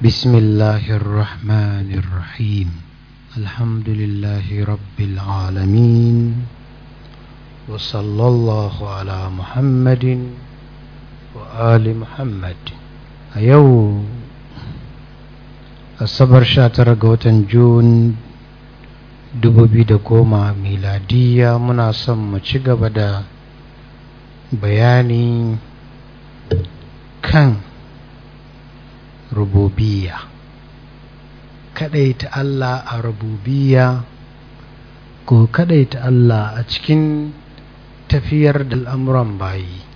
بسم الله الرحمن الرحيم الحمد لله رب العالمين وصلى الله على محمد وآل محمد أيو الصبر شاتر غوتن جون دبوبي da ميلادية miladiya muna بياني كان rububiyya kadaita Allah a rububiyya ko kadaita Allah a cikin tafiyar da al'amuran bayi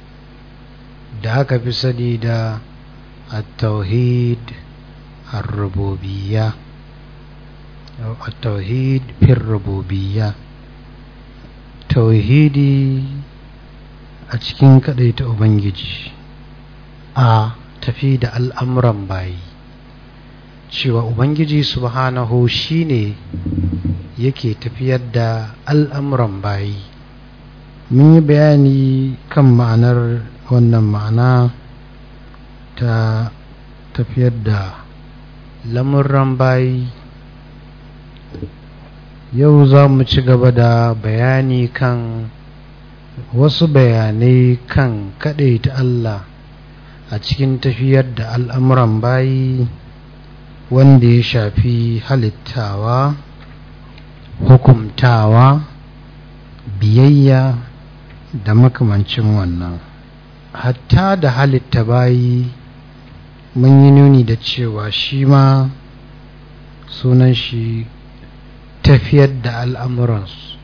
da aka fi sani da Tauhid a Tauhid أو rububiya في a cikin أتكين كديت Ubangiji a. tafi da al'amuran bayi cewa ubangiji subhanahu shine yake tafiyar da al'amuran bayi mun yi bayani kan ma'anar wannan ma'ana ta tafiyar da lamuran bayi yau za mu ci gaba da bayani kan wasu bayanai kan kaɗai ta Allah a cikin tafiyar da al'amuran bayi wanda ya shafi halittawa hukumtawa biyayya da makamancin wannan hatta da halitta bayi mun yi nuni da cewa shi ma sunan shi tafiyar da al'amuransu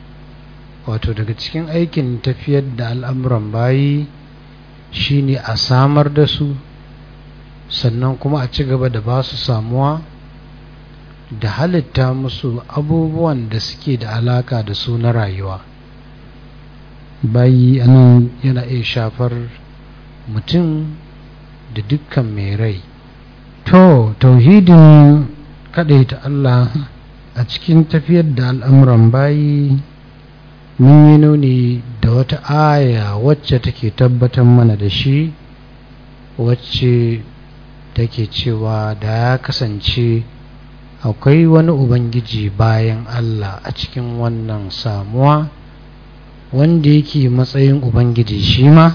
wato daga cikin aikin tafiyar da al'amuran bayi shine a samar da su sannan kuma a ci gaba da ba su samuwa da halitta musu abubuwan da suke da alaka da su na rayuwa bayi anan yana iya shafar mutum da dukkan mai rai to tauhidin kaɗaita Allah a cikin tafiyar da al'amuran bayi mun yi nuni da wata aya wacce take tabbatar mana da shi wacce take cewa da ya kasance akwai wani ubangiji bayan Allah a cikin wannan samuwa wanda yake matsayin ubangiji shi ma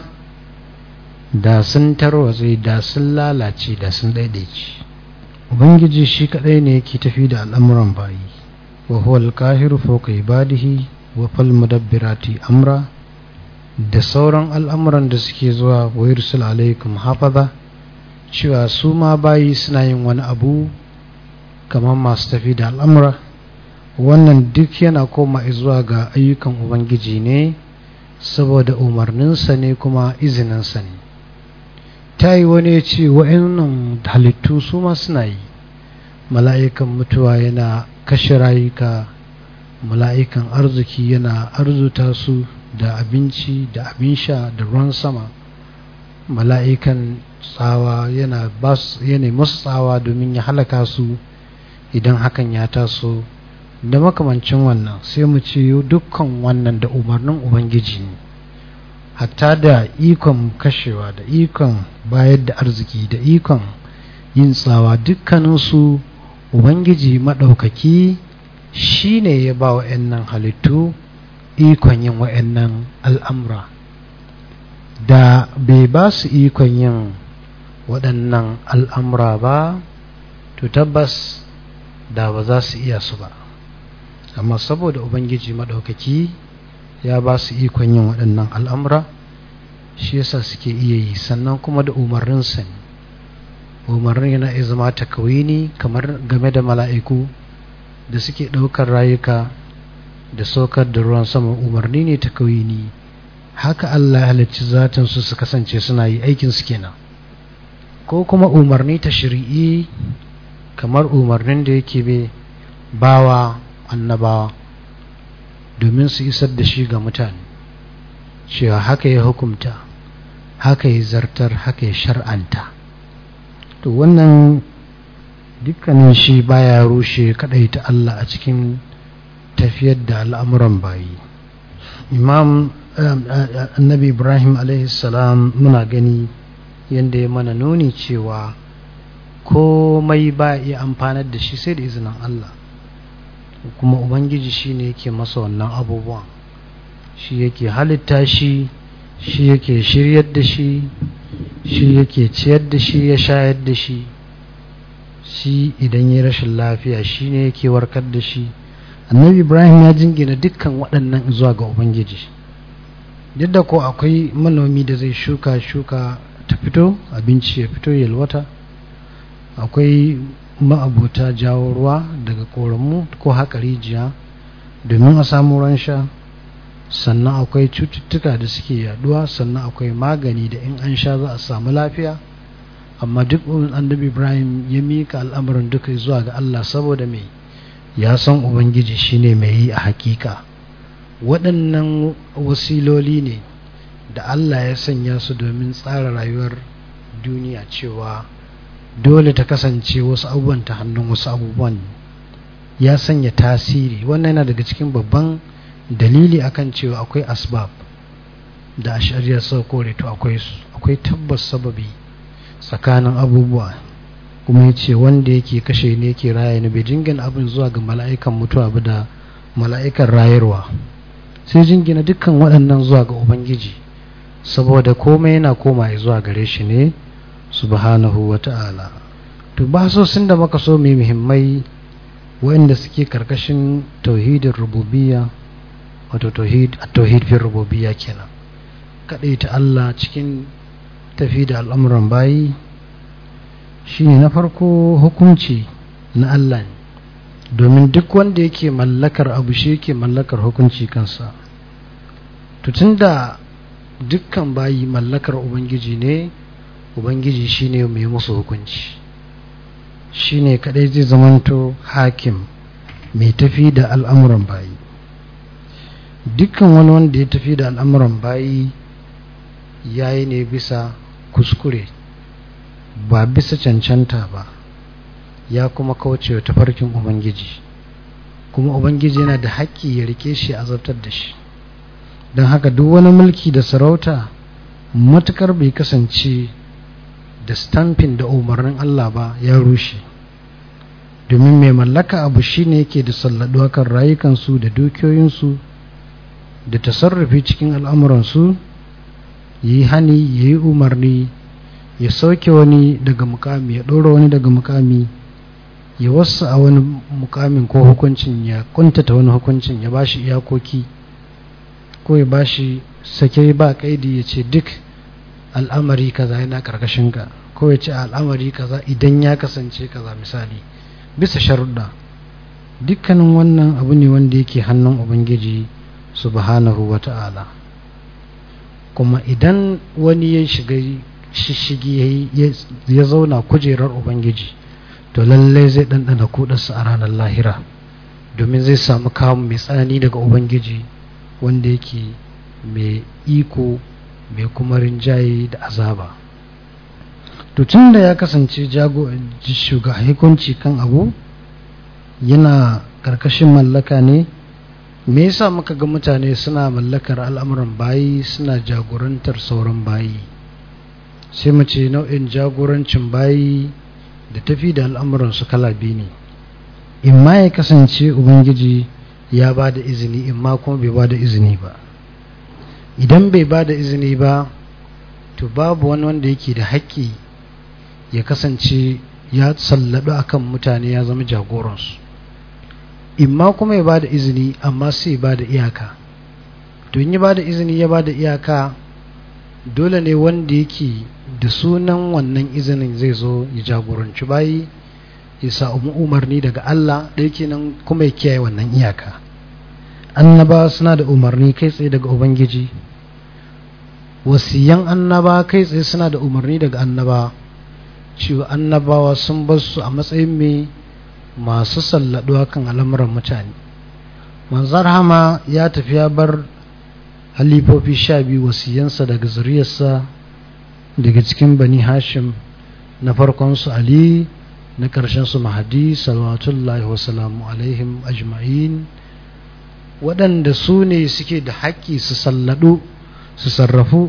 da sun tarwatse da sun lalace da sun daidaici ubangiji shi kadai ne yake tafi da al'amuran bayi wa huwa al-qahiru fawqa ibadihi wa mudabbirati amra da sauran al'amuran da suke zuwa wa yursul alaikum hafaza cewa su ma bayi suna yin wani abu kamar masu tafi da al'amura wannan duk yana koma zuwa ga ayyukan ubangiji ne saboda umarninsa ne kuma izininsa ne ta yi wani ya ce wa'annan halittu su ma suna yi mala'ikan mutuwa yana kashe rayuka mala'ikan arziki yana arzuta su da abinci da abin sha da ruwan sama mala'ikan tsawa yana masu tsawa domin ya halaka su idan hakan ya taso da makamancin wannan sai mu ce dukkan wannan da umarnin ubangiji ne hatta da ikon kashewa da ikon bayar da arziki da ikon yin tsawa dukkaninsu ubangiji maɗaukaki shi ne ya ba wa nan halittu ikon yin wa'annan al'amura da bai ba su ikon yin waɗannan al'amura ba to tabbas da ba za su iya su ba amma saboda ubangiji maɗaukaki ya ba su ikon yin waɗannan al'amura shi yasa suke iya yi sannan kuma da umarninsa ne umarnin yana izama takawini kamar game da mala'iku da suke ɗaukar rayuka da saukar da ruwan sama umarni ne ta kauyini haka Allah Ya zatan su su kasance suna yi aikin su kenan ko kuma umarni ta shirii kamar umarnin da yake be bawa annabawa domin su isar da shi ga mutane cewa haka ya hukumta haka ya zartar haka ya shar'anta to wannan dukkanin shi baya rushe kadai ta Allah a cikin tafiyar da al'amuran bayi imam eh, eh, annabi ibrahim salam muna gani yadda ya mana nuni cewa komai ba iya amfanar da shi sai da izinin Allah kuma ubangiji shi ne yake masa wannan abubuwan shi yake halitta shi shi yake shiryar da shi shi yake ciyar da shi ya shayar da shi shi idan ya rashin lafiya shi ne yake warkar da shi annabi ibrahim ya jingina dukkan waɗannan zuwa ga ubangiji duk da ko akwai manomi da zai shuka shuka ta fito abinci ya fito yalwata akwai ma'abuta jawo ruwa daga koramu ko haka rijiya domin a samu ruwan sha sannan akwai cututtuka da suke yaduwa sannan akwai magani da in an sha za a samu lafiya amma duk annabi ibrahim ya mika al'amarin duka zuwa ga allah saboda mai ya san ubangiji shine mai yi a hakika waɗannan wasiloli ne da allah ya sanya su domin tsara rayuwar duniya cewa dole ta kasance wasu abubuwan ta hannun wasu abubuwan ya sanya tasiri wannan yana daga cikin babban dalili akan cewa akwai asbab da a shari'ar sau kore to akwai tabbas sababi tsakanin abubuwa kuma ya ce wanda yake kashe ne yake raya ne bai jingina abin zuwa ga mala'ikan mutuwa ba da mala'ikan rayarwa sai jingina dukkan waɗannan zuwa ga ubangiji saboda komai yana koma zuwa gare shi ne subhanahu wa ta'ala to ba so sun da maka so mai muhimmai waɗanda suke karkashin tauhidin rububiyya wato tauhid a tauhid fi rububiyya kenan kaɗai ta Allah cikin tafi da al'amuran bayi shine na farko hukunci na Allah ne domin duk wanda yake mallakar abu shi yake mallakar hukunci kansa tutun da dukkan bayi mallakar ubangiji ne ubangiji shine mai musu hukunci Shi ne kadai zai zamanto hakim mai tafi da al'amuran bayi dukkan wani wanda ya tafi da al'amuran bayi yayi ne bisa kuskure ba bisa cancanta ba ya kuma kauce wa tafarkin ubangiji kuma ubangiji yana da haƙƙi ya rike shi a zartar da shi don haka duk wani mulki da sarauta matukar bai kasance da stamfin da umarnin Allah ba ya rushe domin mai mallaka abu shine yake da salladuwa kan rayukansu da dukiyoyinsu da tasarrufi cikin al'amuransu yi hani yayi yi umarni ya sauke wani daga mukami ya ɗora wani daga mukami ya wasu a wani mukamin ko hukuncin ya kuntata wani hukuncin ya bashi iyakoki ko ya bashi sake ba kaidi ya ce duk al'amari kaza yana karkashin ka ko ya ce al'amari kaza idan ya kasance kaza misali bisa sharuɗa dukkanin wannan abu ne wanda yake hannun ubangiji subhanahu wa ta'ala kuma idan wani ya shiga shishigi ya zauna kujerar ubangiji to lallai zai ɗanɗana kudarsa a ranar lahira domin zai samu kawo mai tsanani daga ubangiji wanda yake mai iko mai kuma rinjaye da azaba to tun da ya kasance jago shugabanci kan abu yana karkashin mallaka ne me yasa muka ga mutane suna mallakar al'amuran bayi suna jagorantar sauran bayi sai mu ce nau'in jagorancin bayi da tafi da al'amuran su kala biyu ne in ma ya kasance ubangiji ya ba da izini in ma kuma bai ba da izini ba idan bai ba da izini ba to babu wani wanda yake da haƙƙi ya kasance ya sallaɗu akan mutane ya zama jagoransu imma kuma ya bada izini amma sai ya ba iyaka to in ya bada izini ya bada iyaka dole ne wanda yake da sunan wannan izinin zai zo ya jagoranci bayi ya sa umarni daga Allah da yake nan kuma ya kiyaye wannan iyaka annaba suna da umarni kai tsaye daga ubangiji wasiyan annaba kai tsaye suna da umarni daga annaba cewa annabawa sun basu a matsayin mai masu salladuwa kan al'amuran mutane manzar hama ya tafi ya bar halifofi sha biyu wasiyansa daga zuriyarsa daga cikin bani hashim na farkonsu ali na su mahadi salawatullahi wasalamu alaihim ajma'in waɗanda su ne suke da haƙƙi su salladu su sarrafu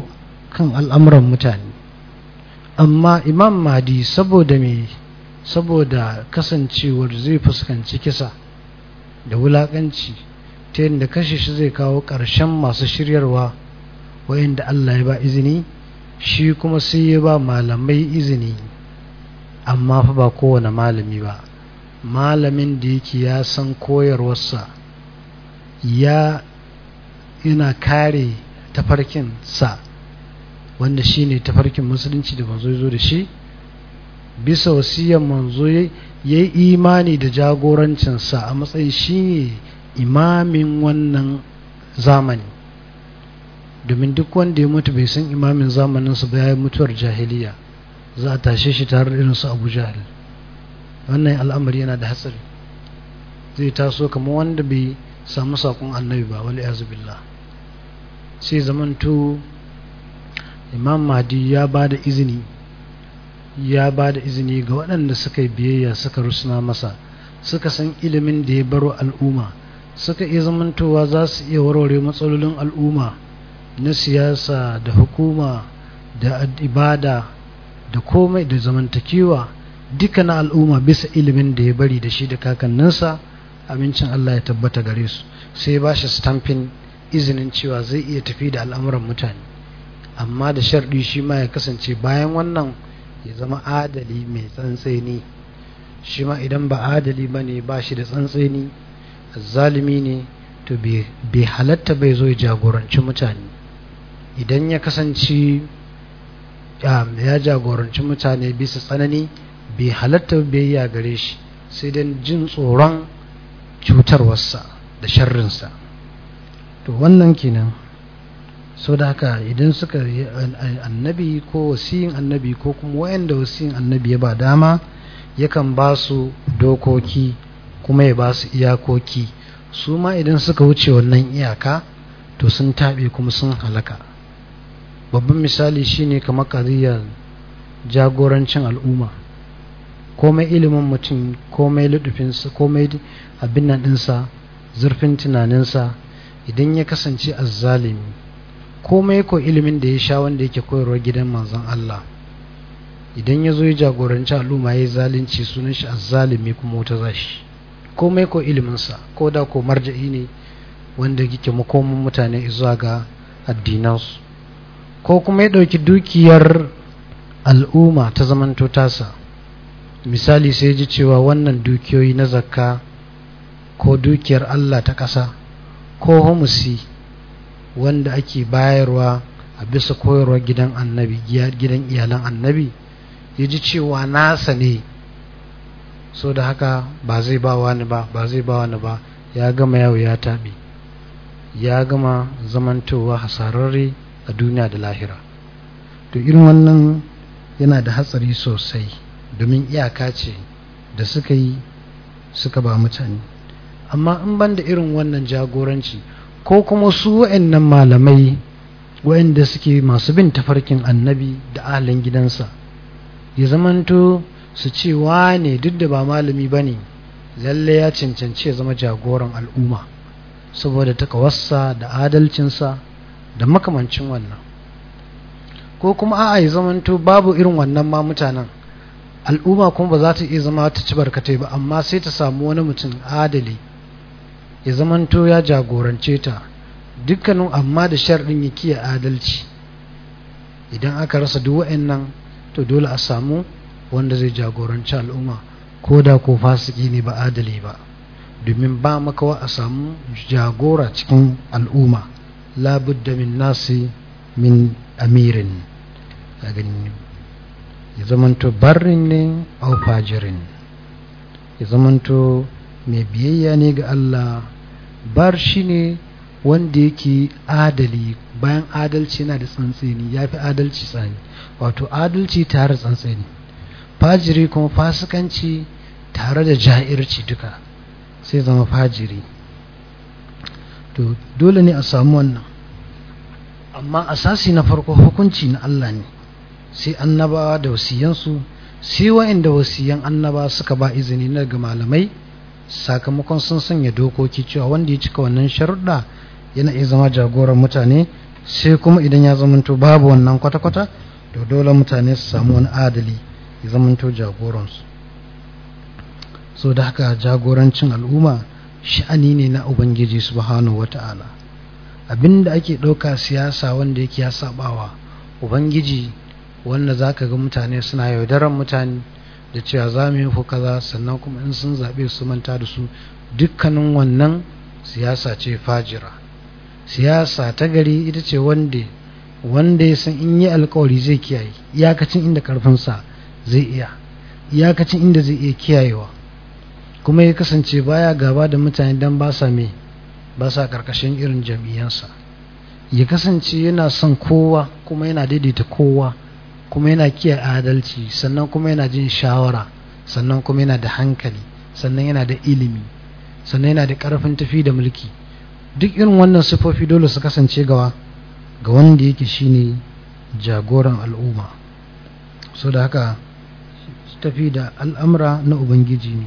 kan al'amuran mutane amma imam mahadi saboda mai saboda kasancewar zai fuskanci kisa da wulakanci ta yadda kashe shi zai kawo ƙarshen masu shiryarwa wayanda Allah ya ba izini shi kuma sai ya ba malamai izini amma fa ba kowane malami ba malamin da yake ya san koyarwarsa ya yana kare sa wanda shi shine tafarkin musulunci da ban zo da shi bisa wasiyan manzo ya yi imani da jagorancinsa a matsayin shi ne imamin wannan zamani domin duk wanda ya mutu bai san imamin zamaninsa ba ya yi mutuwar jahiliya za a tashe shi tare da irinsu abu jahil wannan al'amari yana da hatsari zai taso kamar wanda bai samu sakon annabi ba wani billah sai zamanto imam mahdi ya ba da izini ya ba da izini ga waɗanda suka yi biyayya suka rusuna masa suka san ilimin da ya baro al'umma suka iya zamantowa za su iya warware matsalolin al'umma na siyasa da hukuma da ibada da komai da zamantakewa duka na al'umma bisa ilimin da ya bari da shi da kakanninsa amincin Allah ya tabbata gare su sai ba shi stampin izinin cewa zai iya tafi da al'amuran mutane amma da sharɗi shi ma ya kasance bayan wannan ya zama adali mai tsantseni shi ma idan ba adali ba ne ba shi da tsantseni zalimi ne to bai halatta bai zo jagoranci mutane idan ya kasance ya jagoranci mutane bisa tsanani bai halatta bai yi gare shi sai don jin tsoron cutarwarsa da sharrinsa to wannan kenan so da haka idan suka yi annabi ko wasiyin annabi ko kuma wayanda wasiyin annabi ya ba dama yakan ba su dokoki kuma ya ba su iyakoki su ma idan suka wuce wannan iyaka to sun taɓe kuma sun halaka babban misali shine kamar ƙaziyar jagorancin al'umma komai ilimin mutum komai ludufinsa komai abin nan ɗinsa zurfin tunaninsa idan ya kasance azzalimi komai ko ilimin da ya sha wanda yake koyarwa gidan manzon Allah idan ya zo ya jagoranci al'umma ya yi zalunci sunan shi azzalimi kuma wuta za shi komai ko iliminsa ko da ko marja'i ne wanda yake makomin mutane zuwa ga addinansu ko kuma ya ɗauki dukiyar al'umma ta zamanto tasa misali sai ji cewa wannan dukiyoyi na zakka ko dukiyar Allah ta ƙasa ko homusi wanda ake bayarwa a bisa koyarwa gidan annabi gidan iyalan annabi ya ji cewa nasa ne so da haka ba zai ba wani ba ba zai ba wani ba ya gama yau ya taɓi ya gama zamantowa hasararre a duniya da lahira to irin wannan yana da hatsari sosai domin iyaka ce da suka yi suka ba mutane amma in ban da irin wannan jagoranci ko kuma su wa'annan malamai wa'anda suke masu bin tafarkin annabi da ahalin gidansa ya zamanto su ce ne duk da ba malami ba ne lalle ya cancanci ya zama jagoran al'umma saboda takawarsa da adalcinsa da makamancin wannan ko kuma a'a ya zamanto babu irin wannan ma mutanen al'umma kuma ba za ta iya zama ta ci barkatai ba amma sai ta samu wani mutum adali ya zamanto ya jagorance ta dukkanin amma da sharɗin ya kiya adalci idan aka rasa duk wa'annan to dole a samu wanda zai jagoranci al'umma ko da ko fasiki ne ba adali ba domin ba makawa a samu jagora cikin al'umma labudda min nasi min amirin ya zamanto barin ne au fajirin ya zamanto mai biyayya ne ga Allah bar shi ne wanda yake adali bayan adalci na da tsantseni ya fi adalci tsani wato adalci tare da tsantseni fajiri kuma fasikanci tare da ja'irci duka sai zama fajiri to dole ne a samu wannan amma asasi na farko hukunci na Allah ne sai annabawa da wasiyansu sai wa'inda wasiyan annaba suka ba izini na ga malamai sakamakon sun sanya dokoki cewa wanda ya cika wannan sharuɗa yana iya zama jagoran mutane sai kuma idan ya zamanto babu wannan kwata-kwata to dole mutane su samu wani adali ya zamanto jagoransu so da haka jagorancin al'umma sha'ani ne na ubangiji subhanahu wata'ala abinda ake ɗauka siyasa wanda yake ya sabawa ubangiji wanda za ka ga mutane suna yaudaran mutane da cewa za mu yi kaza sannan kuma in sun zaɓe su manta da su dukkanin wannan siyasa ce fajira siyasa ta gari ita ce wanda wanda ya san in yi alkawari zai kiyaye iyakacin inda karfinsa zai iya iyakacin inda zai iya kiyayewa kuma ya kasance baya gaba da mutane don ba sa me ba sa karkashin irin jam'iyyansa ya kasance yana son kowa kuma yana daidaita kowa kuma yana kiyaye adalci sannan kuma yana jin shawara sannan kuma yana da hankali sannan yana da ilimi sannan yana da karfin tafi da mulki duk irin wannan sifofi dole su kasance gawa ga wanda yake shine jagoran al'umma so da haka tafi da al'amra na ubangiji ne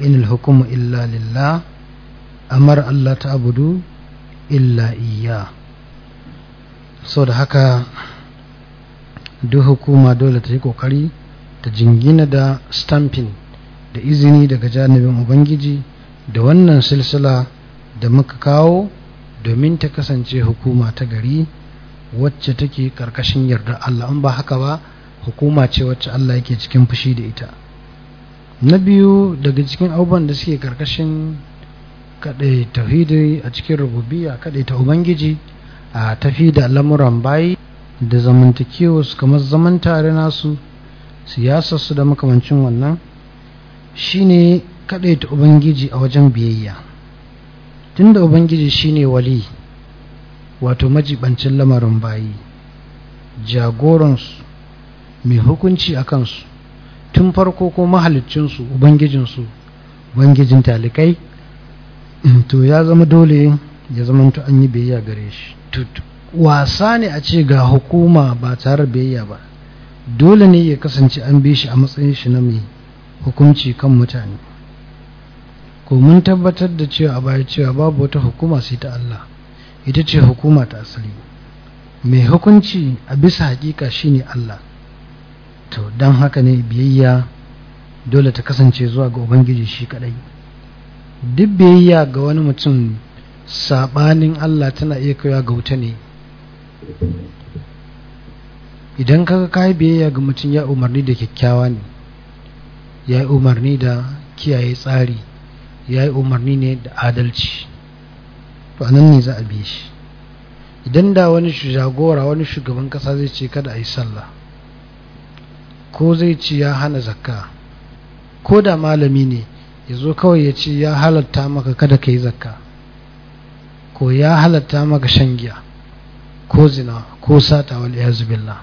inil hukumu illa lillah amar Allah ta abudu illa iya so da haka duk hukuma dole ta yi kokari ta jingina da stamping da izini daga janibin ubangiji da wannan silsila da muka kawo domin ta kasance hukuma ta gari wacce take karkashin yarda Allah in ba haka ba hukuma ce wacce Allah yake cikin fushi da ita na biyu daga cikin abubuwan da suke karkashin kaɗai tauhidi a cikin rububiya kadai ta ubangiji a tafi da lamuran bayi da zamantakewa su kamar zaman tare nasu siyasarsu da makamancin wannan shine ta ubangiji a wajen biyayya tunda ubangiji shine wali wato majibancin lamarin bayi jagoransu mai hukunci a kansu tun farko ko mahalicinsu ubangijinsu ubangijin talikai to ya zama dole ya zama an yi biyayya gare shi tutu wasa ne a ce ga hukuma ba tare biyayya ba dole ne ya kasance an bi shi a matsayin shi na mai hukunci kan mutane ko mun tabbatar da cewa a baya cewa babu wata hukuma sai ta Allah ita ce hukuma ta asali mai hukunci a bisa hakika shine Allah to don haka ne biyayya dole ta kasance zuwa ga ubangiji shi kadai duk biyayya ga wani mutum sabanin Allah tana iya kaiwa ga wuta ne idan kaga kai biyayya ga mutum ya umarni da kyakkyawa ne ya umarni da kiyaye tsari ya umarni ne da adalci to anan ne za a bi shi idan da wani shugabora wani shugaban kasa zai ce kada a yi sallah ko zai ce ya hana zakka ko da malami ne yazo kawai ya ce ya halatta maka kada ka yi zakka ko ya halatta maka shan giya ko zina ko sata wal iyazu billah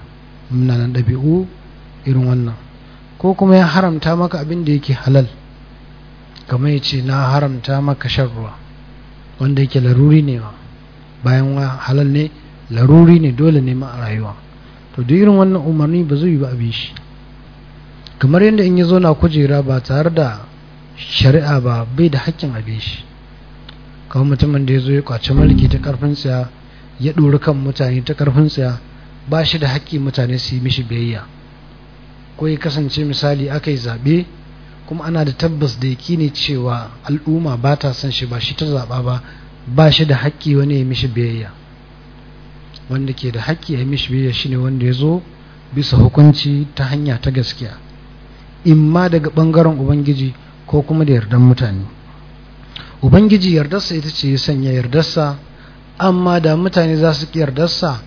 muna nan dabi'u irin wannan ko kuma ya haramta maka abin da yake halal kamar ya ce na haramta maka shan ruwa wanda yake laruri ne ma bayan halal ne laruri ne dole ne ma a rayuwa to duk irin wannan umarni ba zai yi ba abin shi kamar yadda in ya zo na kujera ba tare da shari'a ba bai da haƙƙin abin shi kamar mutumin da ya zo ya kwace mulki ta ƙarfin tsaya ya ɗori kan mutane ta ƙarfin tsaya ba shi da haƙƙi mutane su yi mishi biyayya ko ya kasance misali aka yi zaɓe kuma ana da tabbas da yaki ne cewa al'umma ba ta son shi ba shi ta zaɓa ba ba shi da haƙƙi wani ya mishi biyayya wanda ke da haƙƙi ya mishi biyayya shine wanda ya zo bisa hukunci ta hanya ta gaskiya in ma daga ɓangaren ubangiji ko kuma da yardan mutane ubangiji yardarsa ita ce ya sanya yardarsa amma da mutane za su yardarsa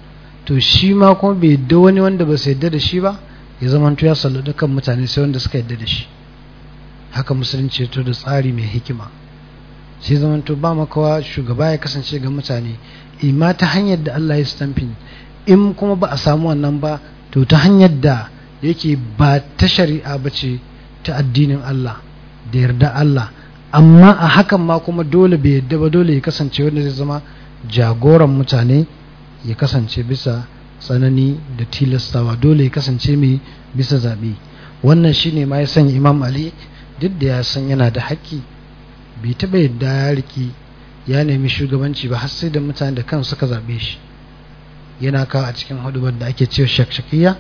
to shi ma kuma bai yadda wani wanda ba su yadda da shi ba ya zama ya sallu dukkan mutane sai wanda suka yadda da shi haka musulunci to da tsari mai hikima sai zama to ba makawa shugaba ya kasance ga mutane ima ta hanyar da Allah ya stamping in kuma ba a samu wannan ba to ta hanyar da yake ba ta shari'a ba ce ta addinin Allah da yarda Allah amma a hakan ma kuma dole bai yadda ba dole ya kasance wanda zai zama jagoran mutane ya kasance bisa tsanani da tilastawa dole ya kasance mai bisa zaɓe wannan shi ne ma ya san imam ali duk da ya san yana da haƙƙi bai taɓa yadda ya riki ya nemi shugabanci ba har sai da mutane da kan suka zaɓe shi yana kawo a cikin hudubar da ake cewa shakshakiya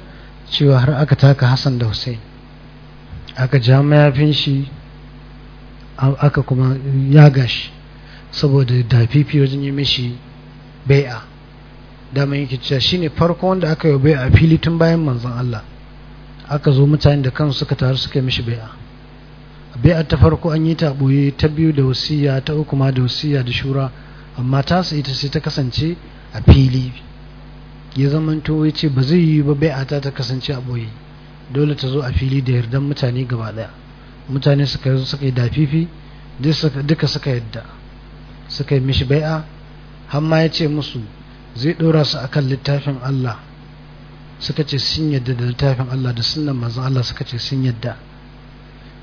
cewa har aka taka hassan da hussein aka ja mayafin shi aka kuma ya gashi saboda dafifi wajen yi mishi bai'a daman yake cewa ne farko wanda aka yi bai'a fili tun bayan manzan Allah aka zo mutane da kansu suka taru suka yi mishi bai'a bai'a ta farko an yi ta boye ta biyu da wasiya ta uku ma da wasiya da shura amma ta su ita sai ta kasance a fili ya to ya ce ba zai yi ba bai'a ta ta kasance a boye dole ta zo a fili da yardan mutane gaba ɗaya mutane suka yi dafifi duka suka yadda suka yi mishi bai'a hamma ya ce musu zai ɗora su akan littafin Allah suka ce sun yadda da littafin Allah da sunan manzon Allah suka ce sun yadda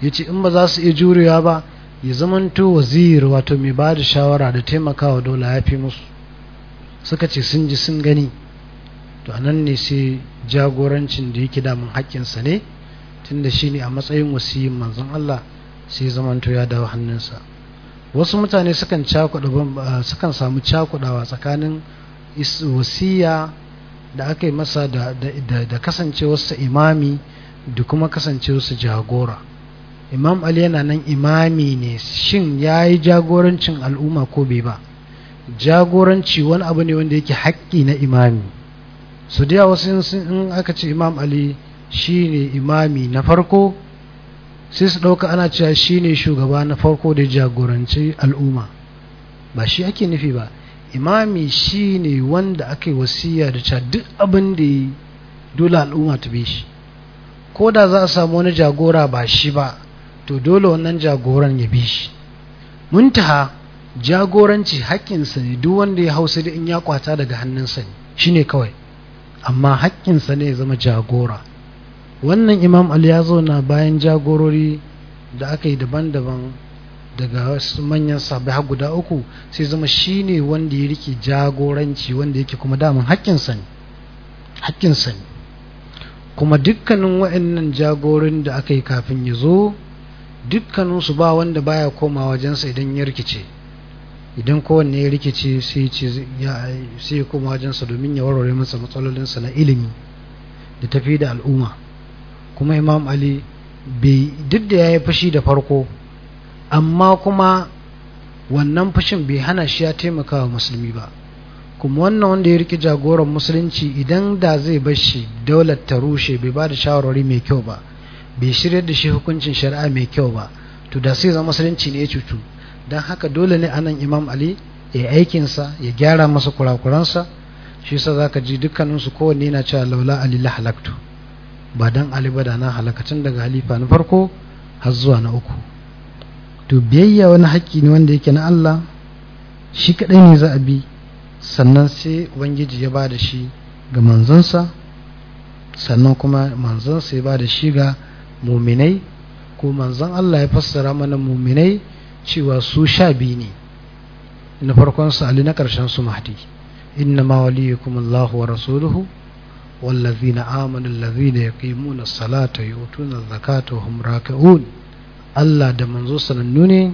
ya ce in ba za su iya jurewa ba ya zamanto wazir wato mai ba da shawara da taimakawa dole ya fi musu suka ce sun ji sun gani to anan ne sai jagorancin da yake damun haƙƙinsa ne tunda shi ne a matsayin wasiyin manzon Allah sai zamanto ya dawo hannunsa wasu mutane sukan ah, samu cakudawa tsakanin wasiya da aka yi masa da, kasance wasu imami da kuma kasance wasu jagora imam ali yana nan imami ne shin ya yi jagorancin al'umma ko bai ba jagoranci wani abu ne wanda yake haƙƙi na imami su da wasu in aka ce imam ali shi ne imami na farko sai su ɗauka ana cewa shi ne shugaba na farko da jagoranci al'umma ba shi ake nufi ba imami shi ne wanda aka yi wasiya da cewa duk abin da yi dole al'umma ta bi shi ko da za a samu wani jagora ba shi ba to dole wannan jagoran ya bi shi muntaha jagoranci haƙƙinsa ne duk wanda ya hausa da in ya kwata daga hannunsa ne shine kawai amma haƙƙinsa ne ya zama jagora wannan imam ali ya zauna bayan jagorori da aka yi daban-daban daga wasu manyan sabai har guda uku sai zama shi ne wanda ya rike jagoranci wanda yake kuma damun haƙƙinsa ne kuma dukkanin waannan jagorin da aka yi kafin ya zo dukkaninsu ba wanda baya koma wajensa idan ya rikice idan kowanne ya rikice sai ya koma wajensa domin ya warware masa matsalolinsa na ilimi da tafi da al'umma kuma imam ali bai duk da ya yi fushi da farko amma kuma wannan fushin bai hana shi ya taimaka wa musulmi ba kuma wannan wanda ya riƙe jagoran musulunci idan da zai bar shi daular ta rushe bai ba da shawarwari mai kyau ba bai shirya da shi hukuncin shari'a mai kyau ba to da sai zama musulunci ne ya cutu don haka dole ne anan imam ali ya yi aikinsa ya gyara masa kurakuransa shi yasa zaka ji dukkaninsu kowanne yana cewa laula ali halaktu ba dan ali ba na halakacin daga halifa na farko har zuwa na uku to biyayya wani haƙƙi ne wanda yake na Allah shi kaɗai ne za a bi sannan sai ubangiji ya ba da shi ga manzansa sannan kuma manzansa ya ba da shi ga muminai ko manzan Allah ya fassara mana muminai cewa su sha biyu ne na farkon Ali na ƙarshen su mahdi inna ma waliyukum Allahu wa rasuluhu والذين آمنوا الذين يقيمون الصلاة يؤتون الزكاة وهم راكعون الله da manzo sanannu ne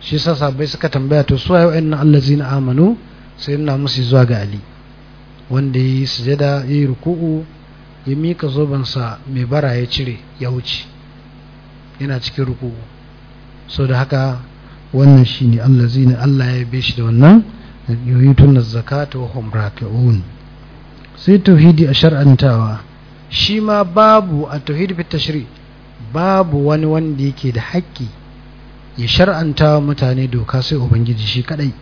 shi yasa سكا suka tambaya to ان الذين امنوا سيدنا amanu sai na musu zuwa ga Ali wanda yi sujada yayi ruku'u ya mika zoben sa mai bara ya cire ya wuce yana cikin ruku'u so da haka wannan shine allazina Allah ya bishi da wannan yuyutun zakatu wa hum raki'un sai tauhidi a shar'antawa shi ma babu a tauhidi fi tashri babu wani wanda yake da haƙƙi ya shar'antawa mutane doka sai ubangiji shi kadai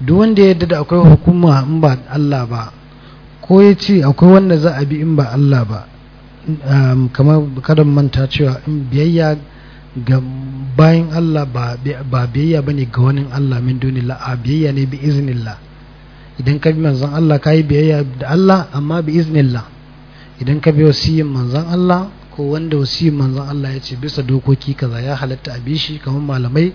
duk wanda ya yarda da akwai hukuma in ba Allah ba ko ya ce akwai wanda za a bi in ba Allah ba um, kamar kadan manta cewa in biyayya ga bayan Allah ba biyayya ba ne ga wani Allah min dunillah a biyayya ne bi iznillah idan ka bi manzan Allah ka yi biyayya da Allah amma bi iznillah idan ka bi wasiyin manzan Allah ko wanda wasiyin manzan Allah ya ce bisa dokoki kaza ya halatta a bishi kamar malamai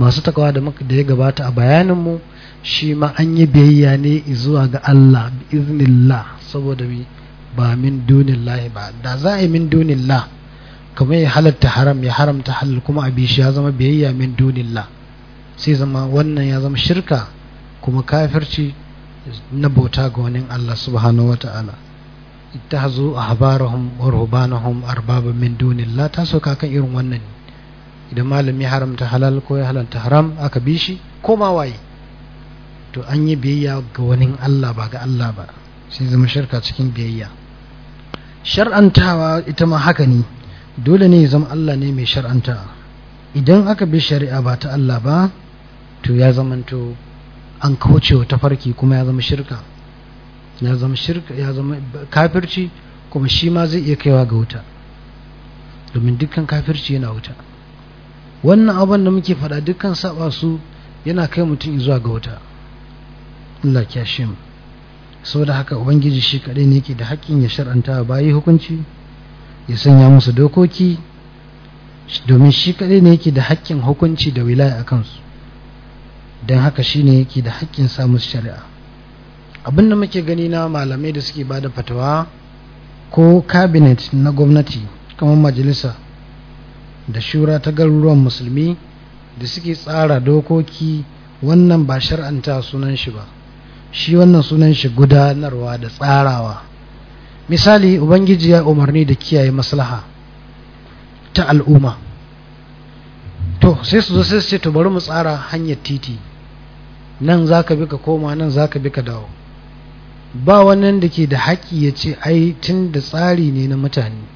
masu takawa da da ya gabata a bayaninmu mu shi ma an yi biyayya ne zuwa ga Allah bi iznillah saboda mi ba min dunillahi ba da za a yi min dunillah kamar ya halatta haram ya haramta halal kuma a bishi ya zama biyayya min dunillah sai zama wannan ya zama shirka kuma kafirci na bauta ga wani Allah subhanahu wa ta'ala ittahazu ahbarahum na ruhbanahum arbaba min dunillah ta sauka kan irin wannan idan malami haramta halal ko ya halanta haram aka bi shi ko ma waye to an yi biyayya ga wani Allah ba ga Allah ba sai zama shirka cikin biyayya shar'antawa ita ma haka ne dole ne zama Allah ne mai shar'anta idan aka bi shari'a ba ta Allah ba to ya zamanto an kaucewa tafarki kuma ya zama shirka ya zama shirka ya zama kafirci kuma shi ma zai iya kaiwa ga wuta domin dukkan kafirci yana wuta wannan abin da muke faɗa dukkan saba su yana kai mutum zuwa ga wuta Allah ya shi mu saboda haka ubangiji shi kadai ne yake da haƙƙin ya shar'anta bayi hukunci ya sanya musu dokoki domin shi kadai ne yake da haƙƙin hukunci da wilaya a kansu don haka shi ne yake da haƙƙin samun shari'a abinda muke gani na malamai da suke bada fatawa ko kabinet na gwamnati kamar majalisa da shura ta garuruwan musulmi da suke tsara dokoki wannan ba shar'anta sunan shi ba shi wannan sunan shi gudanarwa da tsarawa misali ubangiji ya umarni da kiyaye maslaha ta al'umma to sai su zo sai su ce to bari mu tsara hanyar titi nan za ka bi ka koma nan za ka bi ka dawo ba wannan da ke da haƙƙi ya ce ai tun da tsari ne na mutane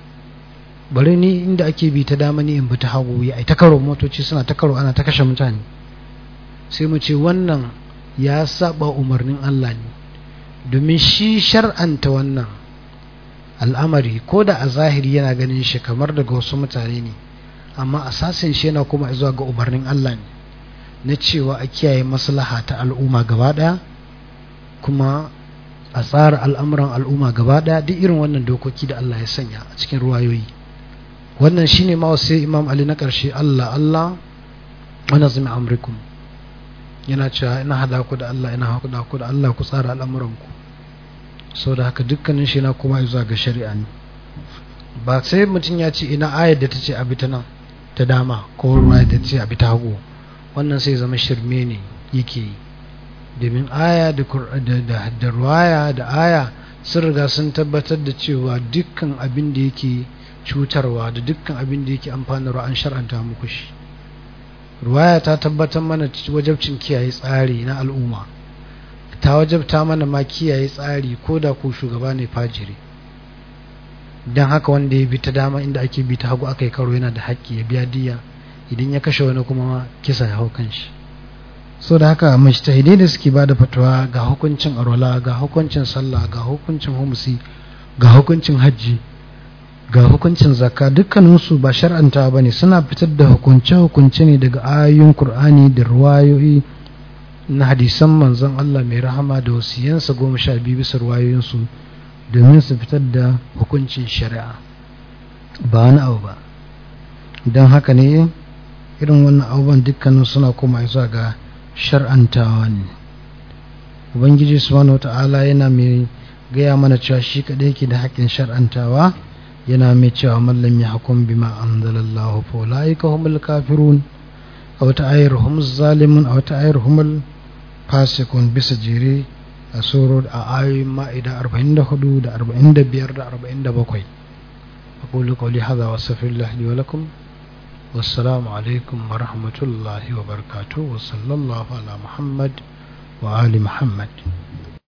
bari ni inda ake bi ta dama ni in bi ta hagu ya ai ta karo motoci suna ta karo ana ta kashe mutane sai mu ce wannan ya saba umarnin Allah ne domin shi shar'anta wannan al'amari ko da a zahiri yana ganin shi kamar daga wasu mutane ne amma asasin shi yana kuma zuwa ga umarnin Allah ne na cewa a kiyaye maslaha ta al'umma gaba ɗaya kuma a tsara al'amuran al'umma gaba ɗaya duk irin wannan dokoki da Allah ya sanya a cikin ruwayoyi wannan shine ma wasu imam ali na karshe Allah Allah wani zumi amrikum yana cewa ina hada ku da Allah ina hada ku da Allah ku tsara al'amuranku sau da haka dukkanin shi na kuma zuwa ga shari'a ne ba sai mutum ya ce ina ayar da ta ce abita nan ta dama ko ruwa da ta ce bi ta hagu wannan sai zama shirme ne yake yi domin aya da ruwaya da aya sun riga sun tabbatar da cewa dukkan abin da yake cutarwa da dukkan abin da yake amfanarwa an shar'anta muku shi ruwaya ta tabbatar mana wajabcin kiyaye tsari na al'umma ta wajabta mana ma kiyaye tsari ko da ko shugaba ne fajiri don haka wanda ya bi ta dama inda ake bi ta hagu aka yi karo yana da haƙƙi ya biya diya idan ya kashe wani kuma kisa ya hau kanshi so da haka mashtahidai da suke ba da fatawa ga hukuncin arola ga hukuncin sallah ga hukuncin humusi ga hukuncin hajji ga hukuncin zakka dukkaninsu ba shar'anta ba ne suna fitar da hukunce-hukunce ne daga ayoyin kur'ani da ruwayoyi na hadisan manzon Allah mai rahama da wasiyansa goma sha biyu bisa ruwayoyinsu domin su fitar da hukuncin shari'a ba wani abu ba don haka ne irin wannan abubuwan dukkanin suna koma zuwa ga shar'antawa ne ubangiji subhanahu wata'ala yana mai gaya mana cewa shi kaɗai yake da haƙƙin shar'antawa yana mai cewa mallam ya hakun bima zalallahu fa ulaika humul kafirun aw ta'ayir zalimun aw ta'ayir humul fasikun bisa jere a surur a ayoyin ma'ida 44 da 45 da 47 والسلام عليكم ورحمة الله وبركاته وصلى الله على محمد وآل محمد